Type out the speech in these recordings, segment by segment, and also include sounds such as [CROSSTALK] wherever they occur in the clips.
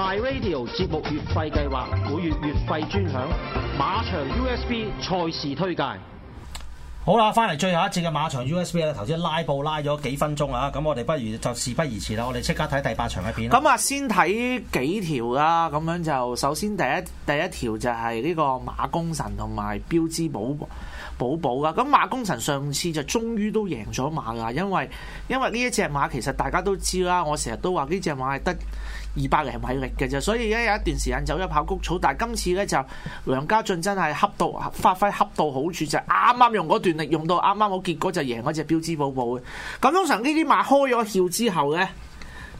My Radio 節目月費計劃，每月月費專享。馬場 USB 賽事推介，好啦，翻嚟最後一節嘅馬場 USB 啊，頭先拉布拉咗幾分鐘啊，咁我哋不如就事不宜遲啦，我哋即刻睇第八場嘅片。咁啊，先睇幾條啦，咁樣就首先第一第一條就係呢個馬功臣同埋標之寶寶寶啦。咁馬功臣上次就終於都贏咗馬噶，因為因為呢一隻馬其實大家都知啦，我成日都話呢隻馬係得。二百零米力嘅啫，所以咧有一段時間走咗跑谷草，但係今次咧就梁家俊真係恰到發揮恰到好處，就啱啱用嗰段力用到啱啱好，結果就贏嗰隻標資寶寶嘅。咁通常呢啲馬開咗竅之後咧，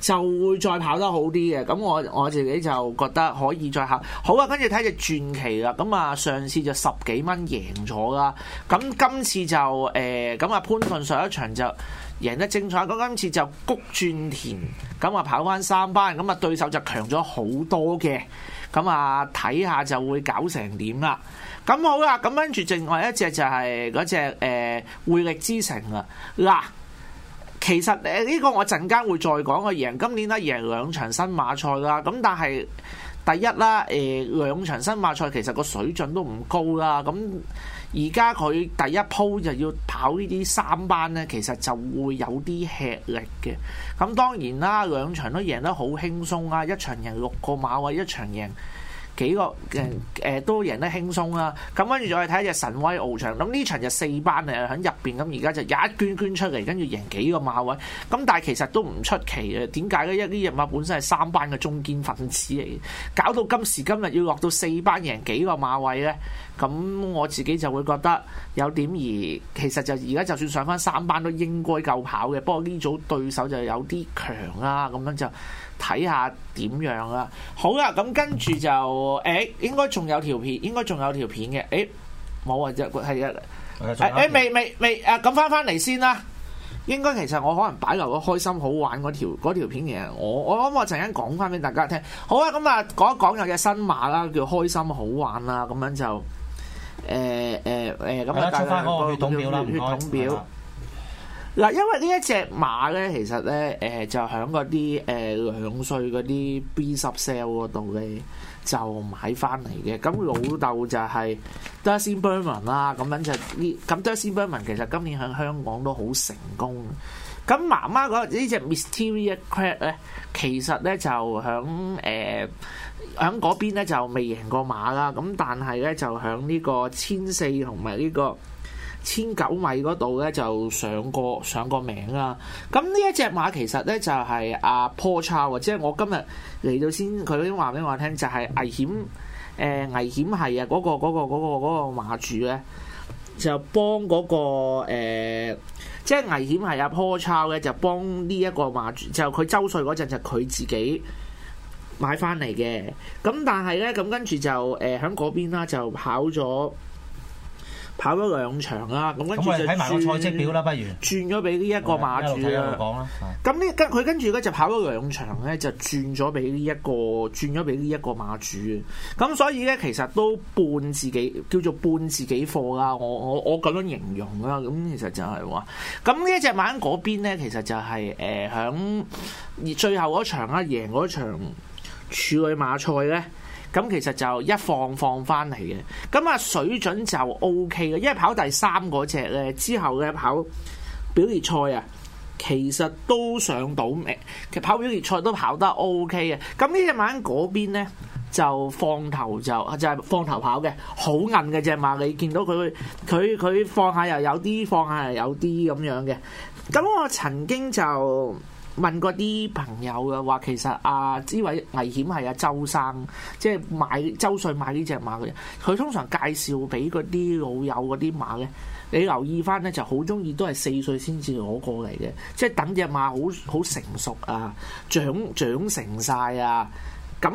就會再跑得好啲嘅。咁我我自己就覺得可以再恰好啊。跟住睇隻傳奇啦，咁啊上次就十幾蚊贏咗啦，咁今次就誒咁啊潘頓上一場就贏得精彩，咁今次就谷轉田，咁啊跑返三班，咁啊對手就強咗好多嘅，咁啊睇下就會搞成點啦。咁好啦，咁跟住另外一隻就係嗰隻誒薈力之城啊。嗱，其實誒呢個我陣間會再講啊，贏今年啦，贏兩場新馬賽啦，咁但係第一啦，誒、呃、兩場新馬賽其實個水準都唔高啦，咁。而家佢第一鋪就要跑呢啲三班呢，其實就會有啲吃力嘅。咁當然啦，兩場都贏得好輕鬆啊！一場贏六個馬位，一場贏幾個誒誒、呃、都贏得輕鬆啦。咁跟住再睇一隻神威翱翔，咁呢場就四班啊，喺入邊咁而家就一捲捲出嚟，跟住贏幾個馬位。咁但係其實都唔出奇嘅，點解呢？因為呢隻馬本身係三班嘅中堅分子嚟，搞到今時今日要落到四班贏幾個馬位呢。咁我自己就會覺得有點而其實就而家就算上翻三班都應該夠跑嘅，不過呢組對手就有啲強啦、啊，咁樣就睇下點樣啦、啊。好啦、啊，咁跟住就誒、欸，應該仲有條片，應該仲有條片嘅。誒、欸、冇啊，即係啊，係、欸、未未未啊，咁翻翻嚟先啦。應該其實我可能擺留個開心好玩嗰條嗰條片嘅，我我諗我陣間講翻俾大家聽？好啊，咁啊講一講有隻新馬啦，叫開心好玩啦，咁樣就。誒誒誒，咁我睇翻嗰個血統表啦，血統表。嗱，因為呢一隻馬咧，其實咧，誒就喺嗰啲誒兩歲嗰啲 B sale 嗰度咧，就買翻嚟嘅。咁老豆就係 Darcy Berman 啦，咁樣就啲咁 Darcy Berman 其實今年喺香港都好成功。咁媽媽嗰呢隻 Mysterious Cat 咧，其實咧就喺誒。喺嗰邊咧就未贏過馬啦，咁但係咧就喺呢個千四同埋呢個千九米嗰度咧就上過上過名啦。咁呢一隻馬其實咧就係、是、阿、啊、Paul Chow 即係我今日嚟到先，佢已經話俾我聽、呃那個那個那個那個，就係、那個呃、危險誒危險係啊！嗰個嗰個嗰個馬主咧就幫嗰個即係危險係阿 Paul Chow 咧就幫呢一個馬主，就佢周歲嗰陣就佢自己。買翻嚟嘅咁，但係咧咁跟住就誒喺嗰邊啦，就跑咗跑咗兩場啦。咁跟住就睇轉個賽績表啦，不如轉咗俾呢一個馬主啊。咁呢佢跟住咧就跑咗兩場咧，就轉咗俾呢一個轉咗俾呢一個馬主。咁、這個、所以咧，其實都半自己，叫做半自己貨啦。我我我咁樣形容啦。咁其實就係、是、話，咁呢一隻馬喺嗰邊咧，其實就係誒喺最後嗰場啦，贏嗰場。處女馬賽咧，咁其實就一放放翻嚟嘅，咁啊水準就 O K 嘅，因為跑第三嗰隻咧，之後嘅跑表列賽啊，其實都上到尾，其實跑表列賽都跑得 O K 嘅。咁呢隻馬喺嗰邊咧就放頭就就係、是、放頭跑嘅，好韌嘅隻馬。你見到佢佢佢放下又有啲放下又有啲咁樣嘅。咁我曾經就～問過啲朋友嘅話，其實啊，呢位危險係阿、啊、周生，即係買周歲買呢隻馬嘅。佢通常介紹俾嗰啲老友嗰啲馬咧，你留意翻咧，就好中意都係四歲先至攞過嚟嘅，即係等隻馬好好成熟啊，長長成晒啊，咁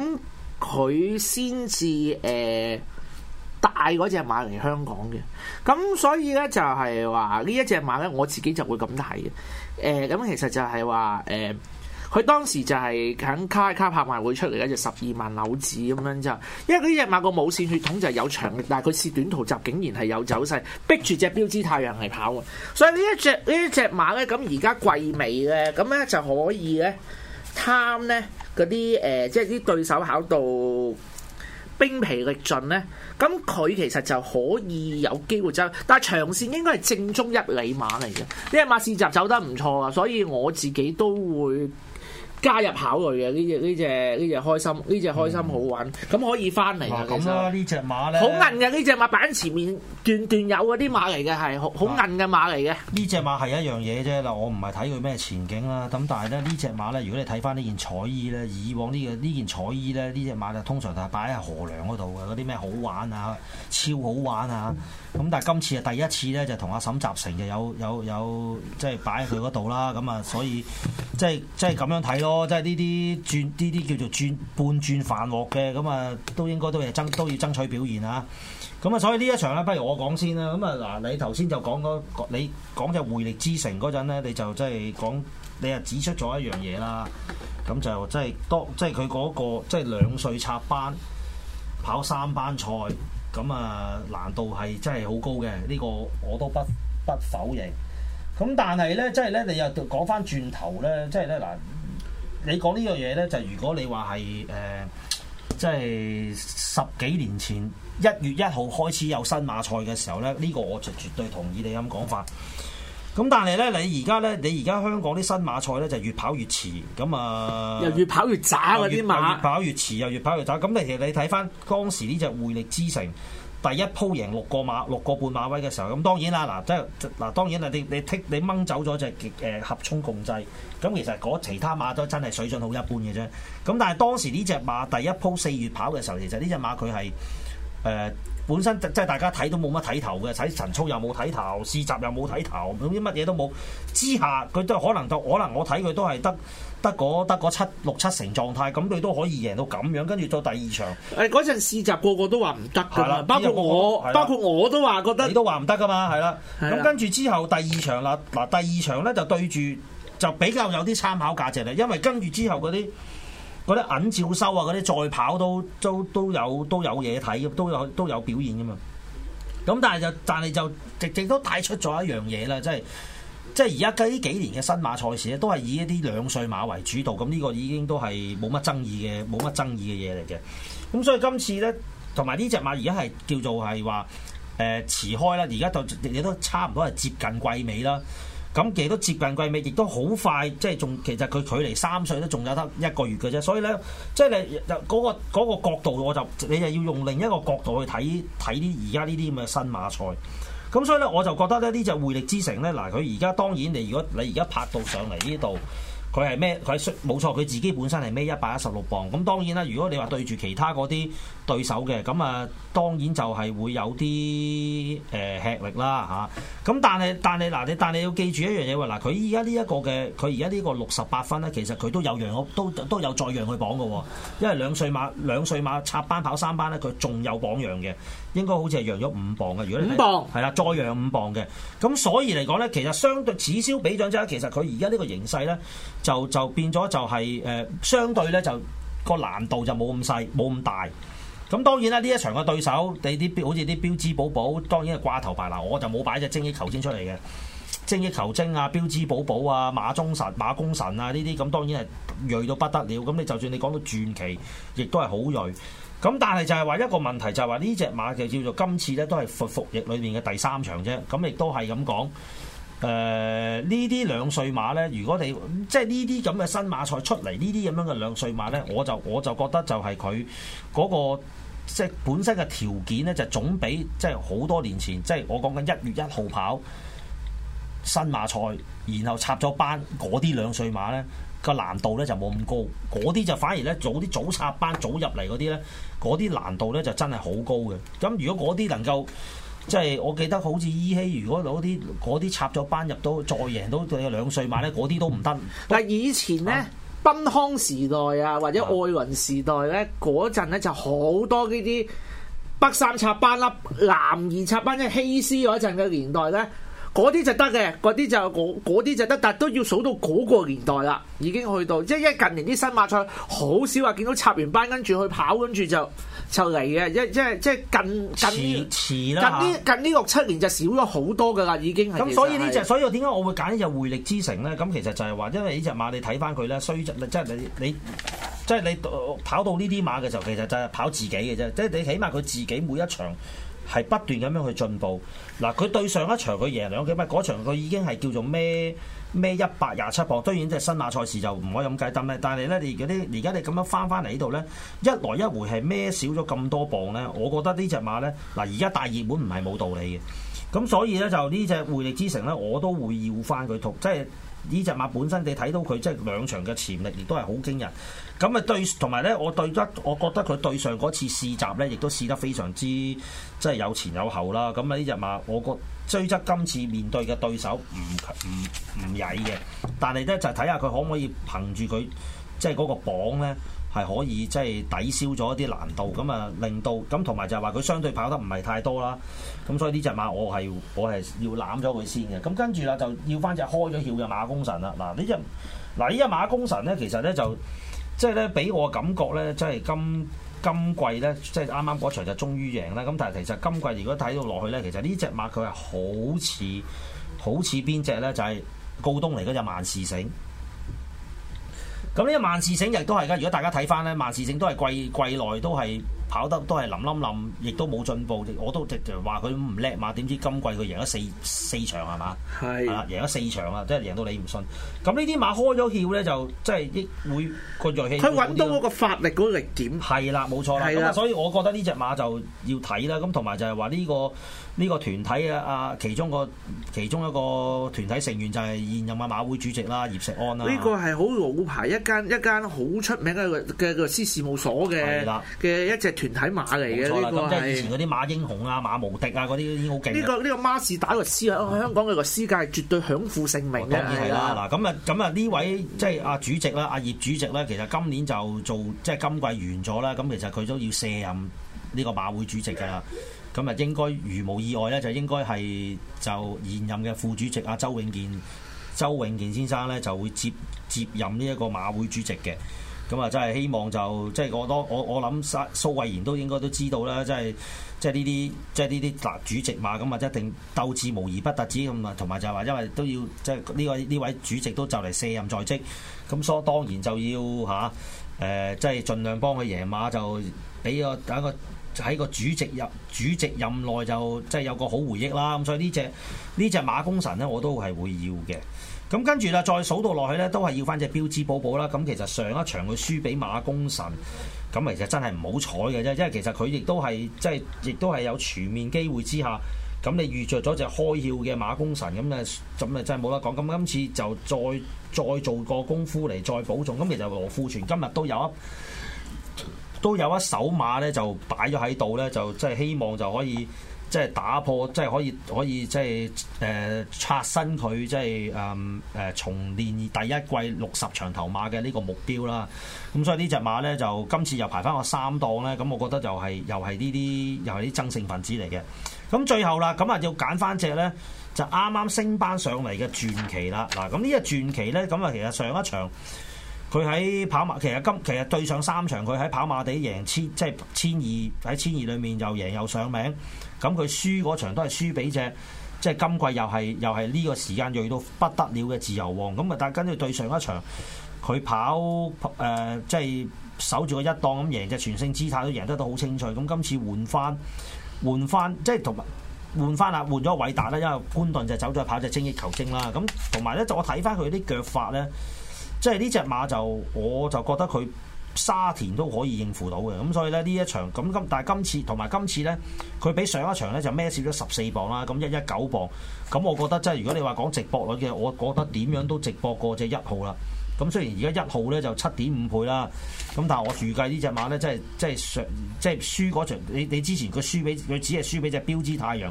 佢先至誒帶嗰隻馬嚟香港嘅。咁所以咧就係話呢一隻馬咧，我自己就會咁睇嘅。誒咁、呃、其實就係話誒，佢、呃、當時就係喺卡卡拍賣會出嚟咧，就十二萬樓子咁樣就，因為呢隻馬個冇線血統就係有長力，但係佢是試短途集竟然係有走勢，逼住隻標誌太陽嚟跑喎。所以呢一隻呢一隻馬咧，咁而家季尾咧，咁咧就可以咧貪咧嗰啲誒，即係啲對手考到。兵疲力盡咧，咁佢其實就可以有機會走，但係長線應該係正宗一里馬嚟嘅，呢一馬市集走得唔錯啊，所以我自己都會。加入考慮嘅呢隻呢隻呢隻開心呢隻、嗯、開心好玩咁可以翻嚟啊！咁啦，實隻呢隻馬咧好韌嘅呢隻馬擺喺前面段段，段有啊！啲馬嚟嘅係好韌嘅馬嚟嘅。呢隻馬係一樣嘢啫嗱，我唔係睇佢咩前景啦。咁但係咧呢隻馬咧，如果你睇翻呢件彩衣咧，以往呢個呢件彩衣咧，隻呢隻馬咧通常係擺喺河梁嗰度嘅嗰啲咩好玩啊、超好玩啊。咁但係今次啊第一次咧就同阿沈集成嘅有有有，有，有，有即係擺喺佢嗰度啦。咁啊，所以即係即係咁樣睇。哦，即係呢啲轉呢啲叫做轉半轉繁鑊嘅，咁啊，都應該都係爭都要爭取表現啊。咁啊，所以呢一場咧，不如我講先啦。咁啊，嗱，你頭先就講嗰你講就匯力之城薈力之城嗰陣咧，你就即係講你啊指出咗一樣嘢啦。咁、啊、就即係多即係佢嗰個即係兩歲插班跑三班賽，咁啊難度係真係好高嘅。呢、呢個我都不不否認。咁、啊、但係咧，即係咧，你又講翻轉頭咧，即係咧嗱。啊你講呢樣嘢呢，就如果你話係誒，即、呃、係、就是、十幾年前一月一號開始有新馬賽嘅時候呢，呢、呢個我就絕對同意你咁講法。咁但係呢，你而家呢，你而家香港啲新馬賽呢，就越跑越遲，咁啊，又越跑越渣嗰啲馬，越跑越遲又越跑越渣。咁其實你睇返當時呢隻匯力之城。第一鋪贏六個馬六個半馬位嘅時候，咁當然啦，嗱即係嗱當然啦，你你剔你掹走咗就極誒合衷共濟。咁，其實其他馬都真係水準好一般嘅啫。咁但係當時呢隻馬第一鋪四月跑嘅時候，其實呢隻馬佢係誒本身即係大家睇都冇乜睇頭嘅，睇晨操又冇睇頭，試閘又冇睇頭，總之乜嘢都冇之下，佢都可能到可能我睇佢都係得。得得嗰七六七成狀態，咁佢都可以贏到咁樣，跟住到第二場。誒嗰陣試集個個都話唔得噶嘛，包括我，的包括我都話覺得你都話唔得噶嘛，係啦。咁跟住之後第二場啦，嗱第二場咧就對住就比較有啲參考價值咧，因為跟住之後嗰啲嗰啲銀照收啊，嗰啲再跑都都都有都有嘢睇都有都有表現噶嘛。咁但係就但係就直直都帶出咗一樣嘢啦，即係。即係而家呢幾年嘅新馬賽事咧，都係以一啲兩歲馬為主導，咁呢個已經都係冇乜爭議嘅，冇乜爭議嘅嘢嚟嘅。咁所以今次咧，同埋呢隻馬而家係叫做係話誒遲開啦，而家就亦都差唔多係接近季尾啦。咁其實都接近季尾，亦都好快，即係仲其實佢距離三歲都仲有得一個月嘅啫。所以咧，即係你嗰個嗰個角度，我就你又要用另一個角度去睇睇啲而家呢啲咁嘅新馬賽。咁所以咧，我就覺得咧，呢隻薈力之城咧，嗱，佢而家當然你，你如果你而家拍到上嚟呢度。佢係咩？佢冇錯，佢自己本身係咩？一百一十六磅。咁當然啦，如果你話對住其他嗰啲對手嘅，咁啊當然就係會有啲誒、呃、吃力啦嚇。咁、啊、但係但係嗱，你但係要記住一樣嘢喎。嗱，佢而家呢一個嘅佢而家呢個六十八分呢，其實佢都有讓，都都有再讓佢磅嘅。因為兩歲馬兩歲馬插班跑三班呢，佢仲有磅讓嘅，應該好似係讓咗五磅嘅。如果五磅係啦，再讓五磅嘅。咁所以嚟講呢，其實相對此消彼長之下，其實佢而家呢個形勢呢。就就變咗就係、是、誒、呃，相對咧就個難度就冇咁細，冇咁大。咁當然啦，呢一場嘅對手你啲好似啲標誌寶寶，當然係掛頭牌。嗱、呃，我就冇擺隻精益求精出嚟嘅。精益求精啊、標誌寶寶啊、馬忠神、馬功臣啊，呢啲咁當然係鋭到不得了。咁你就算你講到傳奇，亦都係好鋭。咁但係就係話一個問題就，就係話呢隻馬就叫做今次咧，都係服服役裏面嘅第三場啫。咁亦都係咁講。誒呢啲兩歲馬呢，如果你即係呢啲咁嘅新馬賽出嚟，呢啲咁樣嘅兩歲馬呢，我就我就覺得就係佢嗰個即係本身嘅條件呢，就總比即係好多年前即係我講緊一月一號跑新馬賽，然後插咗班嗰啲兩歲馬呢，個難度呢就冇咁高，嗰啲就反而呢，早啲早插班早入嚟嗰啲呢，嗰啲難度呢就真係好高嘅。咁如果嗰啲能夠，即係我記得好似依稀，如果攞啲啲插咗班入到，再贏到對兩歲馬咧，嗰啲都唔得。嗱，但以前咧，啊、奔康時代啊，或者愛雲時代咧，嗰陣咧就好多呢啲北三插班啦，南二插班即係希斯嗰陣嘅年代咧。嗰啲就得嘅，嗰啲就啲就得，但都要數到嗰個年代啦，已經去到即係近年啲新馬賽好少話見到插完班跟住去跑跟，跟住就就嚟嘅，即即即近近近呢近呢六七年就少咗好多噶啦，已經係。咁、嗯、所以呢隻，所以我點解我會揀呢隻薈力之城咧？咁其實就係話，因為呢隻馬你睇翻佢咧，衰即你你即你你即係你跑到呢啲馬嘅時候，其實就係跑自己嘅啫，即係你起碼佢自己每一場。係不斷咁樣去進步，嗱佢對上一場佢贏兩幾百，嗰場佢已經係叫做孭孭一百廿七磅，當然即係新馬賽事就唔可以咁計，但係但係咧，你而家啲而家你咁樣翻翻嚟呢度咧，一來一回係孭少咗咁多磅咧？我覺得隻呢隻馬咧，嗱而家大熱門唔係冇道理嘅，咁所以咧就呢隻薈力之城咧，我都會要翻佢同即係。呢隻馬本身你睇到佢即係兩場嘅潛力，亦都係好驚人。咁啊對，同埋咧，我對得，我覺得佢對上嗰次試閘咧，亦都試得非常之即係有前有後啦。咁啊呢隻馬，我覺得追測今次面對嘅對手唔唔唔曳嘅，但係咧就係睇下佢可唔可以憑住佢即係嗰個榜咧。係可以即係抵消咗一啲難度，咁啊令到咁同埋就係話佢相對跑得唔係太多啦，咁所以呢隻馬我係我係要攬咗佢先嘅。咁跟住啦，就要翻隻開咗竅嘅馬功臣啦。嗱呢隻嗱呢隻馬功臣咧，其實咧就即係咧俾我感覺咧，即係今今季咧即係啱啱嗰場就終於贏啦。咁但係其實今季如果睇到落去咧，其實呢隻馬佢係好似好似邊隻咧？就係、是、告東尼嗰隻萬事成。咁呢個萬事勝亦都係㗎，如果大家睇翻咧，萬事勝都係季季內都係。跑得都係冧冧冧，亦都冇進步，我都直就話佢唔叻嘛。點知今季佢贏咗四四場係嘛？係啦是、啊，贏咗四場啊，即係贏到你唔信。咁呢啲馬開咗竅咧，就即係益會個雋氣。佢揾到嗰個法力嗰個力點？係啦，冇錯啦。係啦的、啊，所以我覺得呢隻馬就要睇啦。咁同埋就係話呢個呢、呢個團體啊，啊其中個其中一個團體成員就係現任啊馬,馬會主席啦，葉錫安啊。呢個係好老牌一間一間好出名嘅嘅嘅律師事務所嘅嘅一隻。全體馬嚟嘅，即係以前嗰啲馬英雄啊、馬無敵啊嗰啲，已經好勁。呢、這個呢、這個孖士打律師啊，香港佢嘅律師界係絕對享負盛名嘅、哦、當然係啦。嗱咁啊咁啊，呢位即係阿、啊、主席啦，阿、啊、葉主席咧，其實今年就做即係今季完咗啦，咁其實佢都要卸任呢個馬會主席噶啦。咁啊的，應該如無意外咧，就應該係就現任嘅副主席阿、啊、周永健，周永健先生咧就會接接，接任呢一個馬會主席嘅。咁啊，真係希望就即係、就是、我當我我諗蘇慧賢都應該都知道啦，即係即係呢啲即係呢啲主席嘛，咁啊一定鬥志無疑不特止咁啊，同埋就係話因為都要即係呢個呢位主席都就嚟卸任在職，咁所以當然就要嚇誒，即、啊、係、呃就是、盡量幫佢贏馬就俾個第一個喺個主席任主席任內就即係、就是、有個好回憶啦。咁所以呢隻呢隻馬功臣咧，我都係會要嘅。咁跟住啦，再數到落去呢，都係要翻隻標誌寶寶啦。咁其實上一場佢輸俾馬功臣，咁其實真係唔好彩嘅啫。因為其實佢亦都係即係，亦都係有全面機會之下，咁你預着咗隻開竅嘅馬功臣，咁咧咁咧真係冇得講。咁今次就再再做個功夫嚟再補中。咁其實羅富全今日都有一都有一手馬呢，就擺咗喺度呢，就真係希望就可以。即係打破，即係可以可以，即係誒、呃、刷新佢，即係誒誒重練第一季六十場頭馬嘅呢個目標啦。咁所以隻呢隻馬咧就今次又排翻個三檔咧，咁我覺得就係又係呢啲又係啲爭勝分子嚟嘅。咁最後啦，咁啊要揀翻隻咧就啱啱升班上嚟嘅傳奇啦。嗱，咁呢隻傳奇咧，咁啊其實上一場佢喺跑馬，其實今其實對上三場佢喺跑馬地贏千即係、就是、千二喺千二裏面又贏又上名。咁佢輸嗰場都係輸俾隻，即係今季又係又係呢個時間鋭到不得了嘅自由王。咁啊，但係跟住對上一場，佢跑誒即係守住個一檔咁贏隻全勝姿態都贏得到好清脆。咁今次換翻換翻，即係同換翻啦，換咗韋達啦，因為潘頓就走咗，去跑隻精益求精啦。咁同埋咧，就我睇翻佢啲腳法咧，即係呢隻馬就我就覺得佢。沙田都可以應付到嘅，咁所以咧呢一場咁今但係今次同埋今次呢，佢比上一場呢就孭少咗十四磅啦，咁一一九磅，咁我覺得即係如果你話講值博率嘅，我覺得點樣都值博過隻一、就是、號啦。咁雖然而家一號呢就七點五倍啦，咁但係我預計呢隻馬呢，即係即係上即係輸嗰場，你你之前佢輸俾佢只係輸俾隻標之太陽。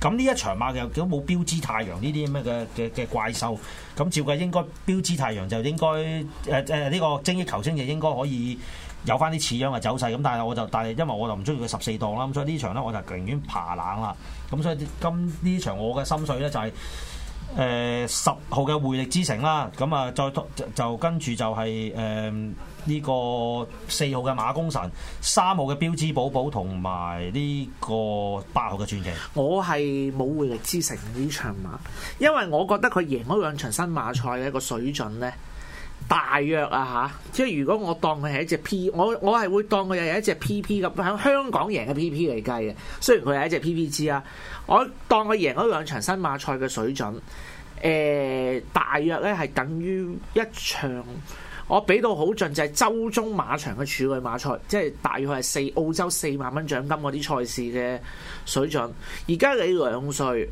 咁呢一場馬嘅都冇標誌太陽呢啲咁嘅嘅嘅怪獸，咁照計應該標誌太陽就應該誒誒呢個精益求精就應該可以有返啲似樣嘅走勢，咁但係我就但係因為我就唔中意佢十四檔啦，咁所以呢場咧我就寧願爬冷啦，咁所以今呢場我嘅心水咧就係、是、誒、呃、十號嘅薈力之城啦，咁啊再就跟住就係誒。呢個四號嘅馬功臣、三號嘅標誌寶寶同埋呢個八號嘅傳奇，我係冇薈力之城呢場馬，因為我覺得佢贏嗰兩場新馬賽嘅一個水準咧，大約啊吓，即係如果我當佢係一隻 P，我我係會當佢又係一隻 PP 咁喺香港贏嘅 PP 嚟計嘅，雖然佢係一隻 PP 之啊，我當佢贏嗰兩場新馬賽嘅水準，誒、呃、大約咧係等於一場。我俾到好盡就係、是、周中馬場嘅處女馬賽，即係大約係四澳洲四萬蚊獎金嗰啲賽事嘅水準。而家你兩歲，誒、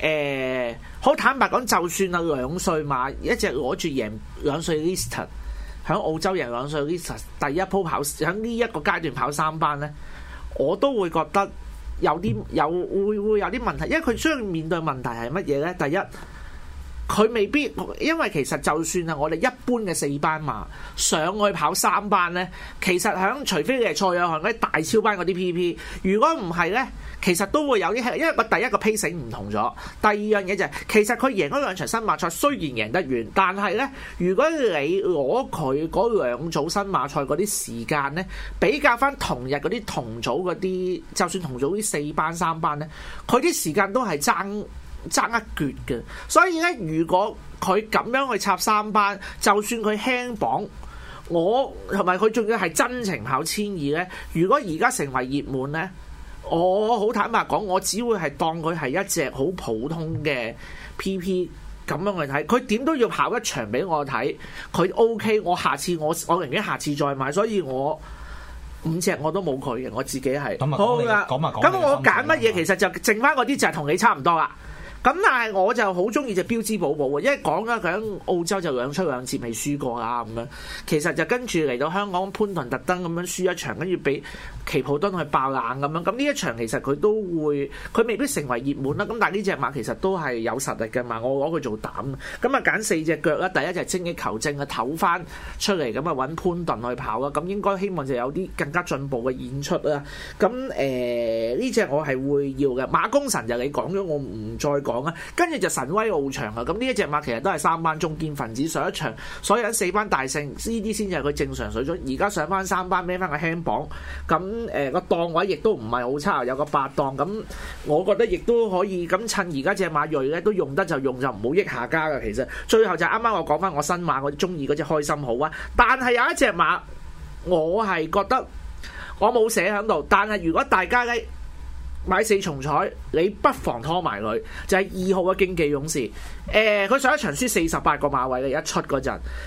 欸，好坦白講，就算啊兩歲馬一隻攞住贏兩歲 liston，喺澳洲贏兩歲 liston，第一鋪跑喺呢一個階段跑三班呢，我都會覺得有啲有會會有啲問題，因為佢將要面對問題係乜嘢呢？第一。佢未必，因為其實就算係我哋一般嘅四班馬上去跑三班呢，其實響除非你係賽友行嗰啲大超班嗰啲 PP，如果唔係呢，其實都會有啲，因為個第一個 pacing 唔同咗。第二樣嘢就係、是、其實佢贏咗兩場新馬賽，雖然贏得完，但係呢，如果你攞佢嗰兩組新馬賽嗰啲時間呢，比較返同日嗰啲同組嗰啲，就算同組啲四班三班呢，佢啲時間都係爭爭一撅嘅，所以咧如果佢咁樣去插三班，就算佢輕磅，我同埋佢仲要係真情考千二咧。如果而家成為熱門咧，我好坦白講，我只會係當佢係一隻好普通嘅 PP 咁樣去睇。佢點都要跑一場俾我睇，佢 OK，我下次我我寧願下次再買，所以我五隻我都冇佢嘅，我自己係。咁好啦，咁我揀乜嘢，其實就剩翻嗰啲就同你差唔多啦。咁但係我就好中意隻標誌寶寶，因為講啦，佢喺澳洲就兩出兩捷未輸過啊，咁樣，其實就跟住嚟到香港潘頓特登咁樣輸一場，跟住俾奇普敦去爆冷咁樣，咁呢一場其實佢都會，佢未必成為熱門啦。咁但係呢隻馬其實都係有實力嘅嘛，我攞佢做膽，咁啊揀四隻腳啦，第一就係精益求精啊，唞翻出嚟咁啊揾潘頓去跑啦。咁應該希望就有啲更加進步嘅演出啦。咁誒呢隻我係會要嘅馬功臣就你講咗，我唔再。講啊，跟住就神威翱翔啊，咁呢一隻馬其實都係三班中堅分子，上一場所以有四班大勝，呢啲先至係佢正常水準。而家上翻三班，孭翻個輕磅，咁誒個檔位亦都唔係好差，有個八檔，咁我覺得亦都可以。咁趁而家隻馬銳咧，都用得就用，就唔好益下家噶。其實最後就啱啱我講翻我新馬我中意嗰隻開心好啊，但係有一隻馬我係覺得我冇寫喺度，但係如果大家咧。買四重彩，你不妨拖埋佢。就係、是、二號嘅競技勇士，誒、呃，佢上一場輸四十八個馬位嘅一出嗰陣，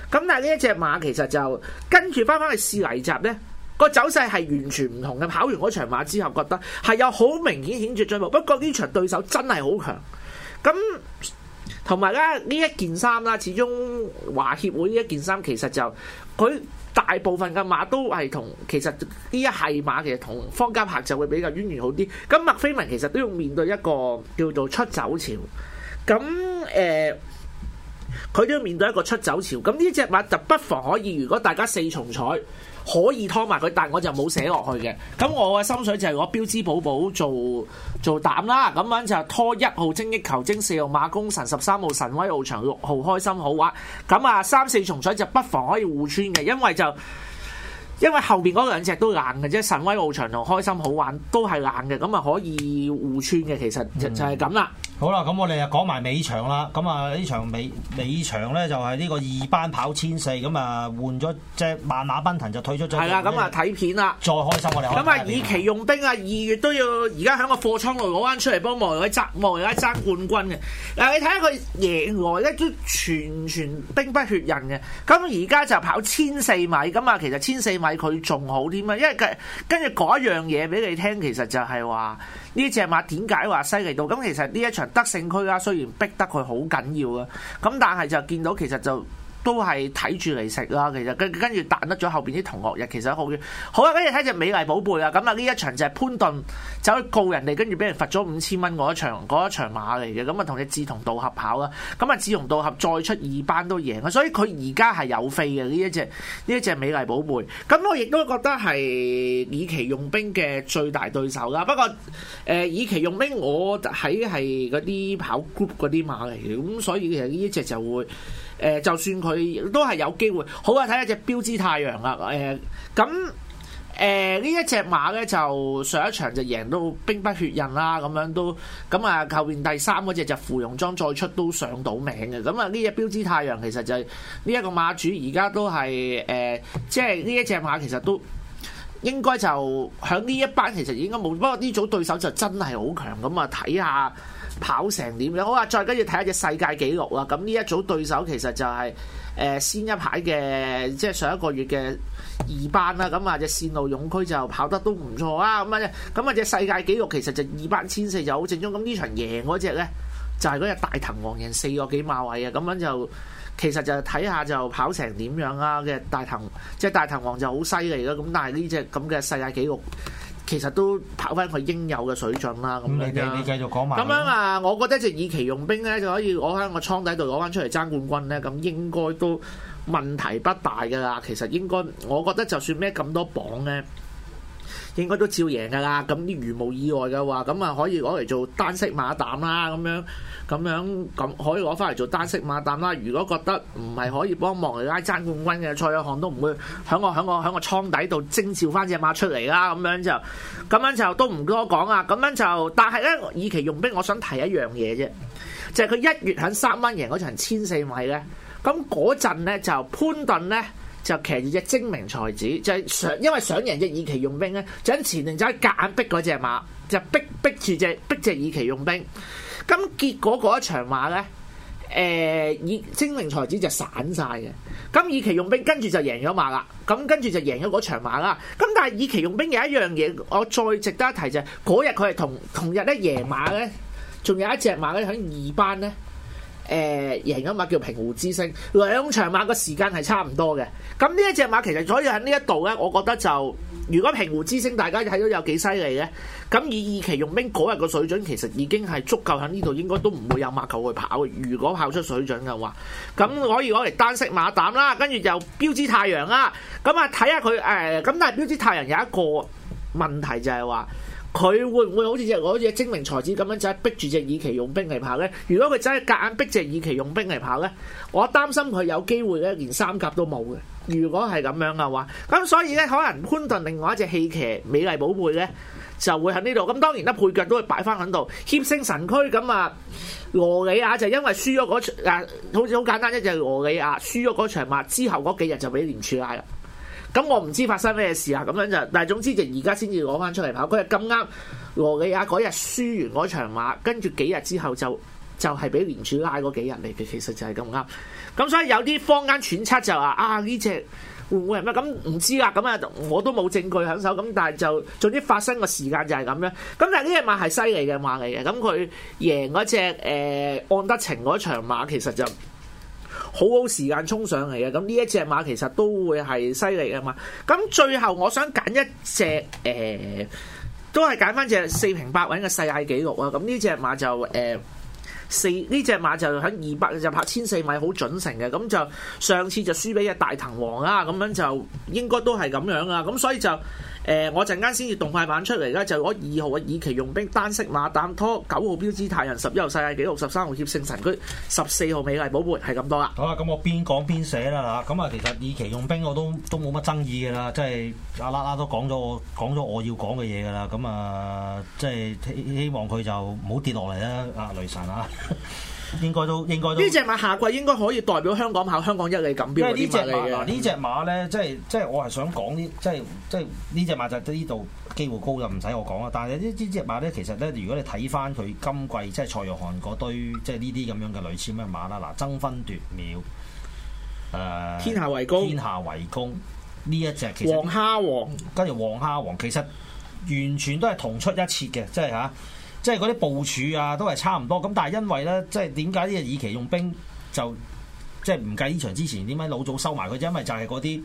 咁但係呢一隻馬其實就跟住翻翻去試泥集呢個走勢係完全唔同嘅。跑完嗰場馬之後，覺得係有好明顯顯著進步，不過呢場對手真係好強。咁同埋咧呢一件衫啦，始終華協會呢一件衫其實就佢。大部分嘅馬都係同，其實呢一係馬其實同方嘉柏就會比較淵源好啲，咁麥非文其實都要面對一個叫做出走潮，咁誒佢都要面對一個出走潮，咁呢隻馬就不妨可以，如果大家四重彩。可以拖埋佢，但我就冇寫落去嘅。咁我嘅心水就係我標誌寶寶做做膽啦。咁樣就拖一號精益求精，四號馬公神，十三號神威奧場，六號開心好玩。咁啊，三四重彩就不妨可以互穿嘅，因為就。因為後邊嗰兩隻都硬嘅，即神威奧翔同開心好玩都係硬嘅，咁啊可以互穿嘅，其實就就係咁啦。好啦，咁我哋又講埋尾場啦。咁啊呢場尾尾場咧，就係、是、呢個二班跑千四，咁啊換咗即係萬馬奔騰就退出咗。係啦、嗯，咁啊睇片啦。再開心我哋咁啊，以奇用兵啊，二月都要而家喺個貨倉路攞翻出嚟幫莫雷拉，莫雷拉爭，幫莫雷拉爭冠軍嘅。嗱、呃，你睇下佢野外咧，都全全兵不血刃嘅，咁而家就跑千四米，咁啊其實千四。咪佢仲好添啊，因為跟跟住講一樣嘢俾你聽，其實就係話呢隻馬點解話犀利到咁？其實呢一場得勝區啊，雖然逼得佢好緊要啊，咁但係就見到其實就。都係睇住嚟食啦，其實跟跟住彈得咗後邊啲同學日，亦其實好遠。好啦，跟住睇隻美麗寶貝啦，咁啊呢一場就係潘頓走去告人哋，跟住俾人罰咗五千蚊嗰一場嗰一場馬嚟嘅，咁啊同你志同道合跑啦，咁啊志同道合再出二班都贏，所以佢而家係有飛嘅呢一隻呢一隻美麗寶貝。咁我亦都覺得係以奇用兵嘅最大對手啦。不過誒、呃，以奇用兵我喺係嗰啲跑 group 嗰啲馬嚟嘅，咁所以其實呢一隻就會。誒、呃，就算佢都係有機會，好啊！睇下隻標誌太陽啦，誒、呃，咁誒呢一隻馬咧就上一場就贏到兵不血刃啦，咁樣都咁啊，後邊第三嗰隻就芙蓉裝再出都上到名嘅，咁啊呢一隻標誌太陽其實就係呢一個馬主而家都係誒，即係呢一隻馬其實都應該就響呢一班其實應該冇，不過呢組對手就真係好強咁啊，睇下。跑成點樣？好啊，再跟住睇下隻世界紀錄啊！咁呢一組對手其實就係、是、誒、呃、先一排嘅，即係上一個月嘅二班啦。咁啊，隻線路勇區就跑得都唔錯啊！咁啊，咁啊，隻世界紀錄其實就二班千四就好正宗。咁呢場贏嗰隻咧，就係嗰隻大騰王贏四個幾馬位啊！咁樣就其實就睇下就跑成點樣啊！嘅大騰即係大騰王就好犀利啦！咁但係呢隻咁嘅世界紀錄。其實都跑翻佢應有嘅水準啦，咁樣。你哋們樣你繼續講埋。咁樣啊，我覺得就以奇用兵咧，就可以攞翻個倉底度攞翻出嚟爭冠軍咧，咁應該都問題不大㗎啦。其實應該，我覺得就算咩咁多榜咧。應該都照贏㗎啦，咁啲如無意外嘅話，咁啊可以攞嚟做單式馬膽啦，咁樣咁樣咁可以攞翻嚟做單式馬膽啦。如果覺得唔係可以幫莫雷拉爭冠軍嘅賽項，蔡都唔會喺我喺我喺我，我倉底度徵召翻隻馬出嚟啦。咁樣就，後，咁樣就都唔多講啊。咁樣就，但係咧，以奇用兵，我想提一樣嘢啫，就係佢一月喺三蚊贏嗰場千四米咧。咁嗰陣咧就潘頓咧。就騎住隻精明才子，就係想，因為想贏隻以奇用兵咧，就喺前定仔隔硬逼嗰隻馬，就逼逼住隻逼隻以奇用兵。咁結果嗰一場馬咧，誒、呃、以精明才子就散晒嘅。咁以奇用兵跟住就贏咗馬啦。咁跟住就贏咗嗰場馬啦。咁但係以奇用兵有一樣嘢，我再值得一提就係嗰日佢係同同日咧贏馬咧，仲有一隻馬咧喺二班咧。誒、呃、贏嘅馬叫平湖之星，兩場馬嘅時間係差唔多嘅。咁呢一隻馬其實可以喺呢一度呢，我覺得就如果平湖之星大家睇到有幾犀利咧，咁以奇用兵嗰日嘅水準其實已經係足夠喺呢度，應該都唔會有馬球去跑。如果跑出水準嘅話，咁可以攞嚟單色馬膽啦，跟住就標誌太陽啦。咁啊睇下佢誒咁，但係標誌太陽有一個問題就係話。佢會唔會好似隻嗰隻精明才子咁樣，就係逼住隻以奇用兵嚟跑咧？如果佢真係夾硬逼隻以奇用兵嚟跑咧，我擔心佢有機會咧連三甲都冇嘅。如果係咁樣嘅話，咁所以咧可能潘頓另外一隻戲騎美麗寶貝咧就會喺呢度。咁當然咧配腳都會擺翻喺度。協星神區咁啊，羅里亞就因為輸咗嗰場，好似好簡單一隻、就係、羅里亞輸咗嗰場嘛，之後嗰幾日就俾廉署嗌啦。咁我唔知發生咩事啊，咁樣就，但係總之就而家先至攞翻出嚟跑。佢係咁啱，羅利亞嗰日輸完嗰場馬，跟住幾日之後就就係、是、俾連主拉嗰幾日嚟嘅，其實就係咁啱。咁所以有啲坊間揣測就話啊呢隻會唔會係咩？咁唔知啦，咁啊我，我都冇證據喺手。咁但係就總之發生嘅時間就係咁樣。咁但係呢隻馬係犀利嘅馬嚟嘅，咁佢贏嗰隻誒按得情嗰場馬，其實就。好好時間衝上嚟嘅，咁呢一隻馬其實都會係犀利嘅嘛。咁最後我想揀一隻誒、呃，都係揀返隻四平八穩嘅世界紀錄啊。咁呢隻馬就誒、呃、四呢隻馬就喺二百就拍千四米好準成嘅，咁就上次就輸俾隻大藤王啊，咁樣就應該都係咁樣啊。咁所以就。誒、呃，我陣間先要動快版出嚟啦，就攞二號嘅以奇用兵，單式馬膽拖九號標誌太陽，十一號世界紀錄，十三號協勝神驅，十四號美麗寶貝，係咁多啦。好啦，咁我邊講邊寫啦嚇，咁啊其實以奇用兵我都都冇乜爭議㗎啦，即係阿拉拉都講咗我講咗我要講嘅嘢㗎啦，咁啊即係希望佢就唔好跌落嚟啦，阿雷神啊！ [LAUGHS] 應該都應該呢隻馬下季應該可以代表香港跑香港一哩錦標呢隻馬。嗱呢隻馬咧，即係即係我係想講呢，即係即係呢隻馬就呢度機會高就唔使我講啦。但係呢呢隻馬咧，其實咧，如果你睇翻佢今季即係蔡若翰嗰堆即係、就是、呢啲咁樣嘅類似咩馬啦，嗱，爭分奪秒，誒、呃、天，天下為公，天下為公呢一隻黃蝦王，跟住黃蝦王其實完全都係同出一轍嘅，即係嚇。啊即係嗰啲部署啊，都係差唔多。咁但係因為咧，即係點解呢個以奇用兵就即係唔計呢場之前點解老早收埋佢？因為就係嗰啲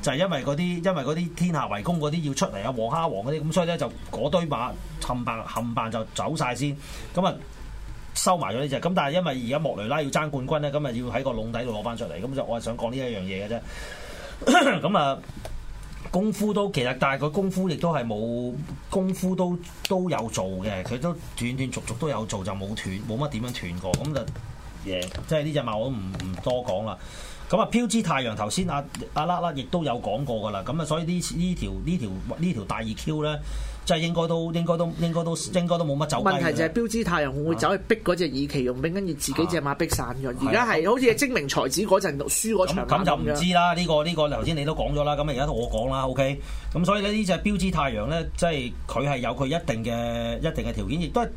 就係、是、因為嗰啲，因為嗰啲天下圍攻嗰啲要出嚟啊，黃蝦王嗰啲，咁所以咧就嗰堆馬冚唪唥就走晒先。咁啊收埋咗呢隻。咁但係因為而家莫雷拉要爭冠軍咧，咁啊要喺個籠底度攞翻出嚟。咁就我係想講呢一咳咳樣嘢嘅啫。咁啊。功夫都其實，但係佢功夫亦都係冇功夫都都有做嘅，佢都斷斷續續都有做，就冇斷，冇乜點樣斷過。咁就誒，Yeah. 即係呢隻馬，我都唔唔多講啦。咁啊，飄之太陽頭先阿阿甩甩亦都有講過㗎啦。咁啊，所以呢呢條呢條呢條大二 Q 咧。即係應該都應該都應該都應該都冇乜走。問題就係標誌太陽會唔會走去逼嗰隻以奇用兵，跟住、啊、自己隻馬逼散咗。而家係好似係、嗯、精明才子嗰陣輸嗰場咁就唔知啦。呢、這個呢、這個頭先你都講咗啦。咁而家我講啦。OK。咁所以咧，呢隻標誌太陽咧，即係佢係有佢一定嘅一定嘅條件，亦都係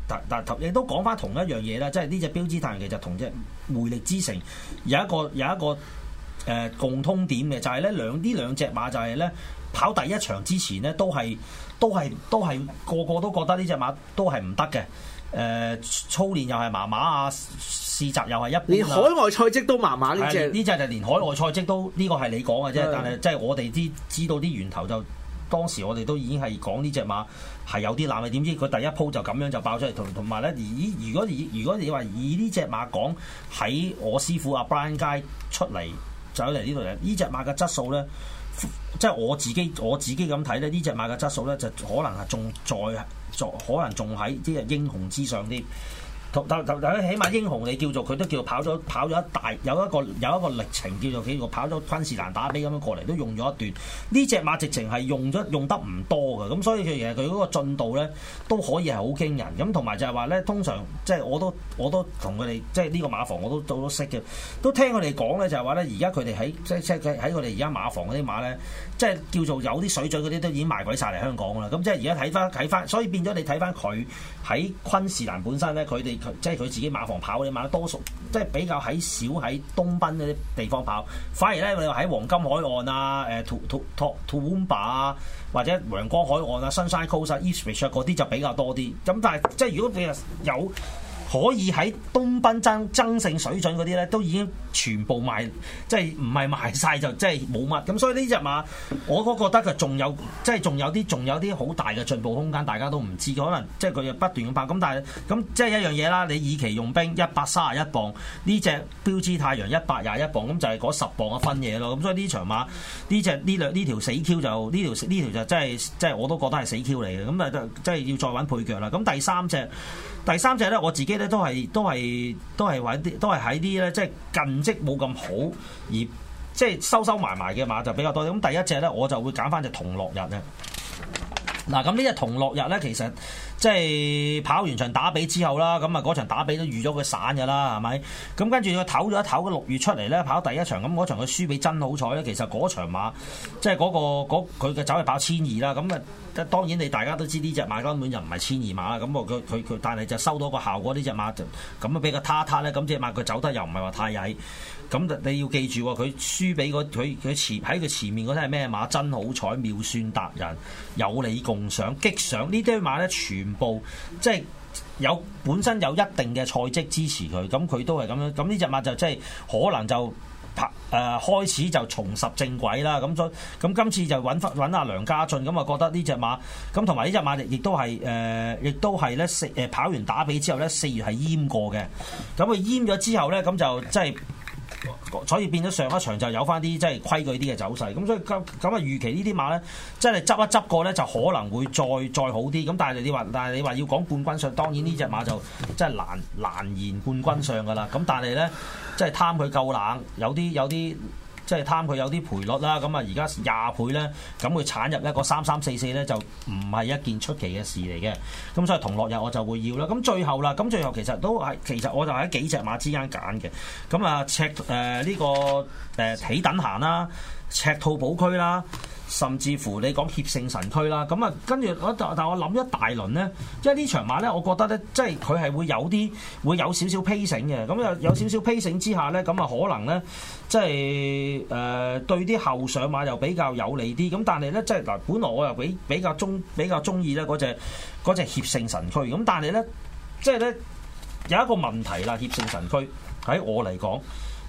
亦都講翻同一樣嘢啦。即係呢隻標誌太陽其實同隻薈力之城有一個有一個誒、呃、共通點嘅，就係咧兩呢兩隻馬就係、是、咧跑第一場之前呢都係。都都係都係個個都覺得呢隻馬都係唔得嘅，誒、呃，操練又係麻麻啊，試閘又係一般啦。連海外賽績都麻麻，呢隻呢隻就連海外賽績都呢、這個係你講嘅啫，對 但係即係我哋知知道啲源頭，就當時我哋都已經係講呢隻馬係有啲難嘅，點知佢第一鋪就咁樣就爆出嚟，同同埋咧，以如果以如果你話以呢隻馬講喺我師傅阿 Brian 街出嚟，走嚟呢度嘅呢隻馬嘅質素咧。即係我自己我自己咁睇咧，呢隻馬嘅質素咧就可能係仲在，仲可能仲喺啲英雄之上啲。起碼英雄，你叫做佢都叫跑咗跑咗一大有一個有一個歷程叫做叫做跑咗昆士蘭打比咁樣過嚟，都用咗一段呢隻馬直情係用咗用得唔多嘅，咁所以佢其實佢嗰個進度咧都可以係好驚人咁，同埋就係話咧，通常即係我都我都同佢哋即係呢個馬房我都我都咗識嘅，都聽佢哋講咧就係話咧，而家佢哋喺即係即係喺喺佢哋而家馬房嗰啲馬咧，即係叫做有啲水準嗰啲都已經賣鬼晒嚟香港啦，咁即係而家睇翻睇翻，所以變咗你睇翻佢喺昆士蘭本身咧，佢哋。即係佢自己馬房跑，你買得多數即係比較喺少喺東濱嗰啲地方跑，反而咧你話喺黃金海岸啊、誒 To To To Toowoomba 啊，或者陽光海岸啊、Sunshine Coast、啊、 [NOISE] East Beach 嗰啲就比較多啲。咁但係即係如果你有。可以喺東奔爭爭勝水準嗰啲咧，都已經全部賣，即係唔係賣晒，就即係冇乜。咁所以呢隻馬，我覺得佢仲有即係仲有啲仲有啲好大嘅進步空間，大家都唔知，可能即係佢不斷咁爆，咁但係咁即係一樣嘢啦。你以奇用兵一百三十一磅，呢隻標誌太陽一百廿一磅，咁就係嗰十磅嘅分嘢咯。咁所以呢場馬，呢隻呢兩呢條死 Q 就呢條呢條，條就真係即係我都覺得係死 Q 嚟嘅。咁啊即係要再揾配腳啦。咁第三隻第三隻咧，我自己。都係都係都係玩啲都係喺啲咧即係近績冇咁好，而即係、就是、收收埋埋嘅馬就比較多。咁第一隻咧我就會揀翻隻同樂日啊，嗱，咁呢隻同樂日咧其實。即係跑完場打比之後啦，咁啊嗰場打比都預咗佢散㗎啦，係咪？咁跟住佢唞咗一唞，六月出嚟咧跑第一場，咁嗰場佢輸畀真好彩咧。其實嗰場馬即係嗰個佢嘅走係跑千二啦，咁啊當然你大家都知呢隻馬根本就唔係千二馬啦。咁佢佢佢，但係就收到個效果呢隻、這個、馬，咁啊比較踏踏個他他咧，咁隻馬佢走得又唔係話太曳。咁你要記住佢輸畀佢佢喺佢前面嗰啲係咩馬？真好彩、妙算達人、有你共賞、激賞呢啲馬咧，全。全部即係有本身有一定嘅賽績支持佢，咁佢都係咁樣。咁呢隻馬就即係可能就拍誒開始就重拾正軌啦。咁所咁今次就揾翻揾阿梁家俊，咁啊覺得呢隻馬咁同埋呢隻馬亦都係誒、呃，亦都係咧四誒跑完打比之後咧四月係閹過嘅。咁佢閹咗之後咧，咁就即係。所以變咗上一場就有返啲即係規矩啲嘅走勢，咁所以咁咁啊預期呢啲馬呢，即係執一執過呢，就可能會再再好啲，咁但係你話但係你話要講冠軍相，當然呢隻馬就真係難難言冠軍相㗎喇，咁但係呢，即係貪佢夠冷，有啲有啲。即係貪佢有啲賠率啦，咁啊而家廿倍呢，咁佢產入一個三三四四呢，那個、3, 3, 4, 4就唔係一件出奇嘅事嚟嘅。咁所以同樂日我就會要啦。咁最後啦，咁最後其實都係其實我就喺幾隻馬之間揀嘅。咁啊赤誒呢、呃這個誒起等閒啦，赤兔寶區啦。甚至乎你講協性神驅啦，咁啊，跟住我但但我諗一大輪呢，因為呢場馬呢，我覺得呢，即係佢係會有啲會有少少披醒嘅，咁有有少少披醒之下呢，咁啊可能呢，即係誒對啲後上馬又比較有利啲，咁但係呢，即係嗱，本來我又比比較中比較中意呢嗰隻隻協性神驅，咁但係呢，即係呢，有一個問題啦，協性神驅喺我嚟講。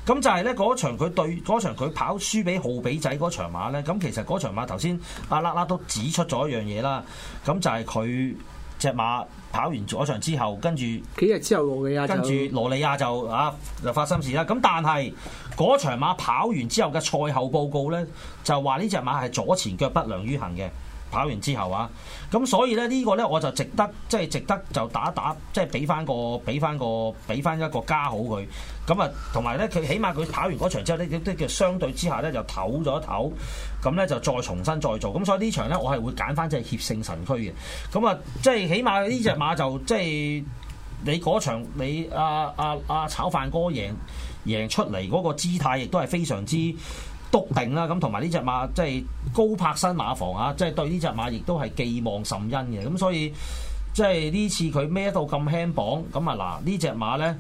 咁就係咧，嗰場佢對嗰場佢跑輸俾浩比仔嗰場馬咧，咁其實嗰場馬頭先阿啦啦都指出咗一樣嘢啦，咁就係佢隻馬跑完左場之後，跟住幾日之後，跟住羅里亞就，里亞就啊就發生事啦。咁但係嗰場馬跑完之後嘅賽後報告咧，就話呢隻馬係左前腳不良於行嘅。跑完之後啊，咁所以咧呢個呢，這個、我就值得，即、就、係、是、值得就打打，即係俾翻個俾翻個俾翻一個加好佢。咁啊，同埋呢，佢起碼佢跑完嗰場之後呢，都叫相對之下呢，就唞咗一唞，咁呢，就再重新再做。咁所以呢場呢，我係會揀翻隻協勝神驅嘅。咁、就是、啊，即係起碼呢隻馬就即係你嗰場你阿阿阿炒飯哥贏贏出嚟嗰個姿態，亦都係非常之。篤定啦，咁同埋呢隻馬即係高柏新馬房啊，即係對呢隻馬亦都係寄望甚殷嘅，咁所以即係呢次佢孭到咁輕磅，咁啊嗱呢隻馬呢，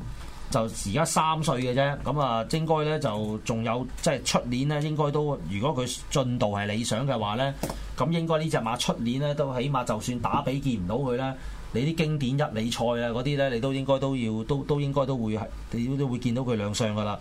就而家三歲嘅啫，咁啊應該呢，就仲有即係出年呢，應該都如果佢進度係理想嘅話呢，咁應該呢隻馬出年呢，都起碼就算打比見唔到佢啦，你啲經典一哩賽啊嗰啲呢，你都應該都要都都應該都會係你都都會見到佢亮相噶啦。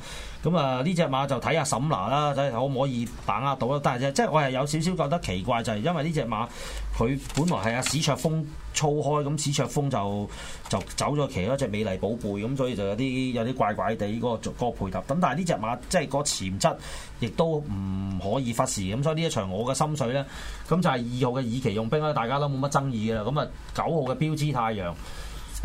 咁啊，呢隻馬就睇下沈拿啦，睇下可唔可以把握到啦？但係即係我又有少少覺得奇怪，就係、是、因為呢隻馬佢本來係阿史卓峰操開，咁史卓峰就就走咗騎一隻美麗寶貝，咁所以就有啲有啲怪怪地嗰、那個、那個配搭。咁但係呢隻馬即係、就是、個潛質亦都唔可以忽視。咁所以呢一場我嘅心水呢，咁就係二號嘅以奇用兵啦，大家都冇乜爭議嘅啦。咁啊，九號嘅標誌太陽。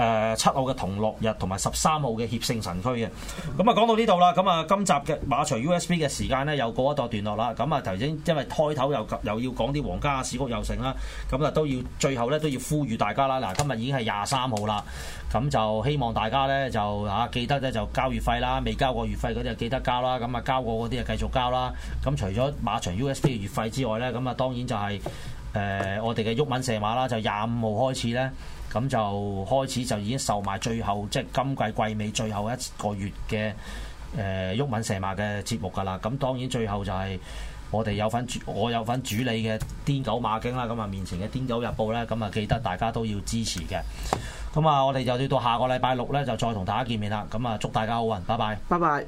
誒、呃、七號嘅同樂日，同埋十三號嘅協勝神區嘅。咁啊，講到呢度啦，咁啊，今集嘅馬場 USB 嘅時間咧又過咗一段，段落啦。咁啊，頭先因為開頭又又要講啲皇家市谷又成啦，咁啊都要最後咧都要呼籲大家啦。嗱，今日已經係廿三號啦，咁就希望大家咧就啊記得咧就交月費啦，未交過月費嗰啲就記得交啦，咁啊交過嗰啲啊繼續交啦。咁除咗馬場 USB 嘅月費之外咧，咁啊當然就係、是、誒、呃、我哋嘅鬱文射馬啦，就廿五號開始咧。咁就開始就已經售賣最後即係、就是、今季季尾，尾最後一個月嘅誒毓民射馬嘅節目㗎啦。咁當然最後就係我哋有份主，我有份主理嘅癲狗馬經啦。咁啊，面前嘅癲狗日報呢，咁啊，就記得大家都要支持嘅。咁啊，我哋就要到下個禮拜六呢，就再同大家見面啦。咁啊，祝大家好運，拜拜。拜拜。